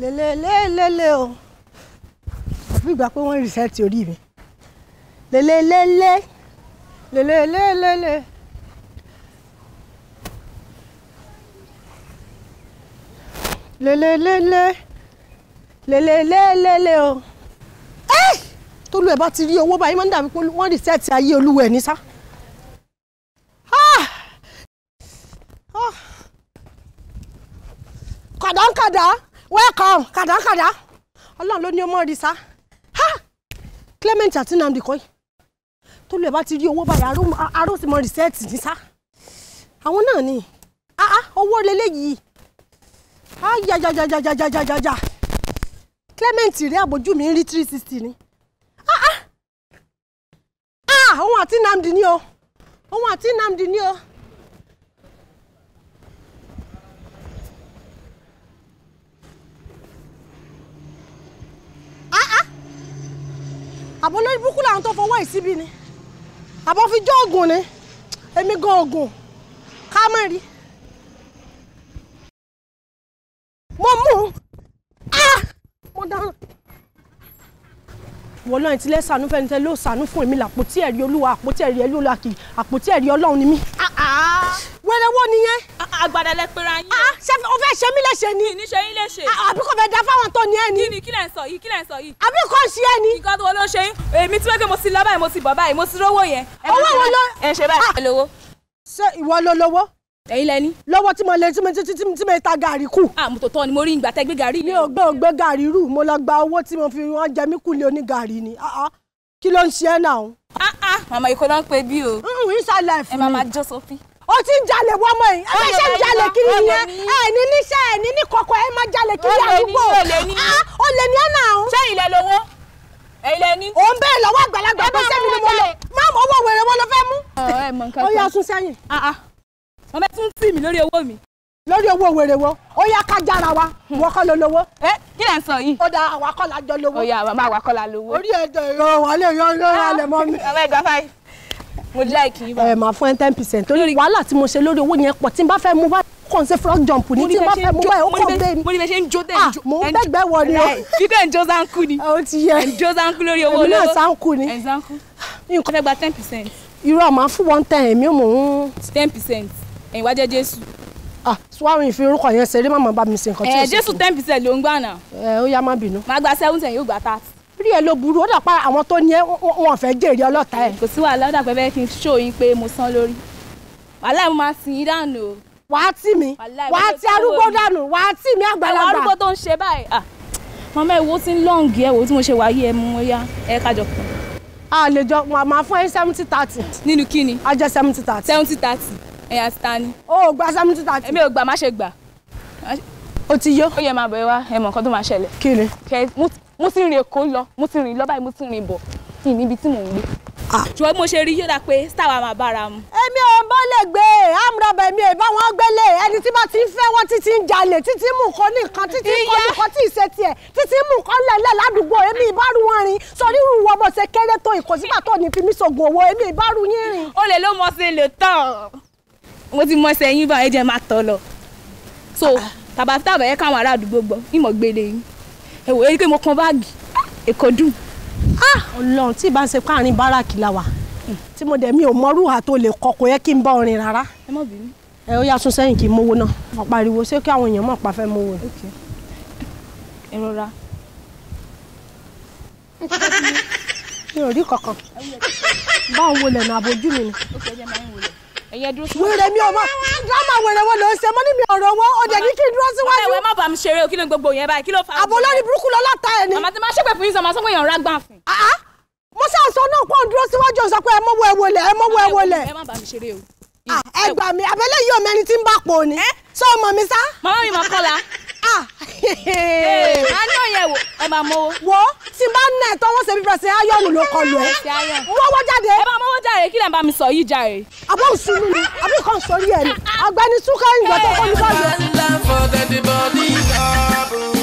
lélẹ́lẹ́lẹ́lẹ́ o àfi ìgbà pé wọ́n rìsẹ́ẹ̀tì orí mi lélẹ́lẹ́lẹ́ lélẹ́lẹ́lẹ́lẹ́. lélẹ́lẹ́lẹ́ lélẹ́lẹ́lẹ́lẹ́ o tólú ẹ̀ bá ti rí owó báyìí máa ń dàbí pé wọ́n rìsẹ́ẹ̀tì ayé olúwẹ̀ ní sá. kàdánkàdá. Ah! Ah! welcome kàdákàdá ọlọ́run ló ní ọmọ rí sá ha Clement àti Nnamdi kọ́ yìí tó lè bá ti rí owó báyìí aró sì mọ rìsẹ́ẹ̀tì ní sá àwọn náà ni ah, ah, owó leléyìí ajajajajajajajaja Clement rí àbójú mi rí three sixty ni Ah ah. Ah, òun àti Nnamdi ni o òun àti Nnamdi ni o. àbọ̀ lórí burúkú làwọn tó fọwọ́ ìsíbi ni àbọ̀ fi jọ́ ògùn ni èmi gan ògùn ká má rí mo mú ah! mo dáná wọ́n lọ́yìn tí lẹ́sàánú fẹ́ni tẹ́ ló sàánú fún èmi làpótí ẹ̀rí olúwa àpótí ẹ̀rí ẹlú àpótí ẹ̀rí ọlọ́run ni mí àgbàdà lẹ pera yín. ah ṣe o fẹ́ ṣe mí léṣe ni. kì í ṣe yín léṣe. Ah, àbí kò fẹ́ da fáwọn tó ní ẹ ni. kí ni kí lẹ̀ ń sọ yìí kí lẹ̀ ń sọ yìí. àbí kò ṣe ẹ ni. nǹkan tó ló ṣe yín èmi tí wọ́n pé mo ti lọ báyìí mo ti bọ̀ báyìí mo ti rówó yẹn. owó wo ló. ẹ ṣe báyìí. Ah, lówó. ṣé ìwọ ló lówó. ẹ̀yin lẹ ní. lọ́wọ́ tí mo lè tí mo tí mo ta gàrí kù. àmùtò ah, tọ́ ni mo rí ìgbà tẹ́ gbé gàrí. kí ló ń ṣe ẹ́ náà. màmá ìkọlọ́ ń pe bí o. n ìsàlẹ̀ fún mi. ẹ máa ma jó sófin ó ti ń jalè wọ ọmọ yìí ẹ ṣe ń jalè kiri yẹn ẹ ní níṣẹ́ ẹ ní ní kọ̀kọ̀ ẹ má jalè kiri àdúgbò ó ah, lè ní ọ̀nà àrùn. ṣé ilẹ̀ lówó ilẹ̀ ní. ò ń bẹ́ẹ̀ lọ́wọ́ àgbàlagbà pé sẹ́mi ni mo lọ má mọ owó wèrè wo ló fẹ́ mú. ó yá sún sẹ́yìn. Ah, ah. mo fẹ́ tún tì mí lórí owó mi. lórí owó wèrè wo ó yá ká jára wa hmm. wọ́n kọ́ ló lówó. ẹ kí lẹ ń sọ yìí. ó da àwakọ́lá jọ lówó. ó yá àwa máa wakọ́lá lówó. orí ẹ̀jọ̀ ìrọ̀ wọlé yọ mo like yín ẹ máa fún ẹ ten percent torí wàhálà tí mo ṣe lórí owó yẹn pọ̀ tí n bá fẹ́ mú bá kàn ṣe frog jump ní tí n bá fẹ́ mú bá ẹ ó kàn bẹ́ẹ̀ ni. mo ní bẹ ṣe ń jó dẹ́n ah, jó. mo ń bẹ́gbẹ́ wọ ni o. fífẹ́ ń jó ni. o ti yẹ ń jó lórí owó olówó. èmi náà zanku ni. nǹkan fẹ́ gba ten percent. irọ́ màá fún one ten èmi ò mọ̀ ń. ten percent ẹ̀yin wá jẹ́ jésù ah suwaru ìfi orúkọ yẹn ṣeré má máa bá mi ṣe nǹkan tí ten percent ló ń gbà náà. ẹ ó yá má rí ẹ ló burú ó dàpá àwọn tó ní ẹ wọn fẹ́ jèrè ọlọ́ta ẹ. kò sí wàhálà ó dàpẹ́ kí n ṣó yín pé mo san lórí wàhálà mo máa sìn yín dànù o. wàá tì mí wàá ti arúgbó dànù wàá tì mí àgbàlagbà. àwọn arúgbó tó ń ṣe báyìí ah màmá ẹ wo ti ń ẹ wo tí mo ṣe wáyé ẹ mú ya ẹ kájọ a lè jọ màmá fún ẹ seventy thirty. nínú kí ni. a jẹ seventy thirty. seventy thirty ẹ̀yà síta ni. o ò gba seventy thirty. èmi ò gbà má ṣe gbà. o ti yó. ó yẹ máa bọ̀ ẹ wá ẹ mọ̀ nǹkan tó máa ṣẹlẹ̀. kí ni. kẹ mo ti rìn èkó lọ mo ti rìn lọ báyìí mo ti rìn bọ̀ kí níbi tí mò ń gbé. ṣùgbọ́n mo ṣe rí yóò dá pé star wa máa bára mu. èmi ò ń bọ́ lè gbé amúrọ̀bà èmi ò bá wọn gbélé ẹni tí bá ti ń fẹ́ wọn títí ń jalè títí mú nǹkan ní nǹkan títí kọ́ nǹkan tí ì ṣe tiẹ̀ títí mú nǹkan lẹ̀lẹ̀ ládùúgbò èmi ìbárù wọn rìn sọrí rú wọn bó ṣe kéré tó ìkòsígbà tó ní fi mí sògùn owó èmi ìbárù yín rìn. o lè ló mọ sí ilé tán mo ti mọ yín báyìí jẹ́ máa tọ̀ lọ so ah. tàbátàbà yẹ káwọn ará àdúgbò gbọ́ yín ẹ wò erike mo kan báàgì èkó dùn. Ah! Ọlọ́run tí ìbá ń ṣe páàrin báràkì la wà hmm, tí mo dẹ̀ mi ò mọ́rú hà tó lè kọ kò yẹ kí n bá ọrin rárá. ẹ má bínú. ẹ ó yá sún sẹ́yìn kí n mówó náà mo pariwo ṣé kí àwọn èèyàn mọ̀ pa fẹ́ mówó ni. ẹ rọra. mi ò rí kankan báwo lẹ̀nà àbójú mi ni yẹdúró sí. wèrè mi ọmọ drama wèrè wo ló ń ṣe mọ ní mi ọ̀rọ̀ wọn ó dẹ̀ ní kí n dúró síwájú. ọmọ ìwé má bàa mi ṣeré o kí ló gbogbo yẹn báyìí kí ló fa. àbò lórí burúkú lọ láta ẹni. màmá ti máa ṣépè fún yín sọ màá sọ pé èèyàn rágbà fún. Ah, ah. mo ṣáà sọ náà pọ́n dúró síwájú sọ pé ẹ mọ́ wọ ẹ wọlé ẹ mọ́ wọ wọlé. ẹ má bàa mi ṣeré o. Ah, ẹ gbà mí abẹ́lẹ́ yìí ní. Eh? sọ ọmọ eh, ẹ máa mọ owó. wo tí n bá nà ẹ tán wọn ṣe bí ló kọlu ẹ wọ́n jáde. ẹ bá mọ́wọ́ lẹ́ ń bá mi sọ yìí jàre. àbá òsínú ni àbí kan sórí ẹ̀ ni àgbẹni túkẹ́ ìgbà tó kọ́ ní báyìí.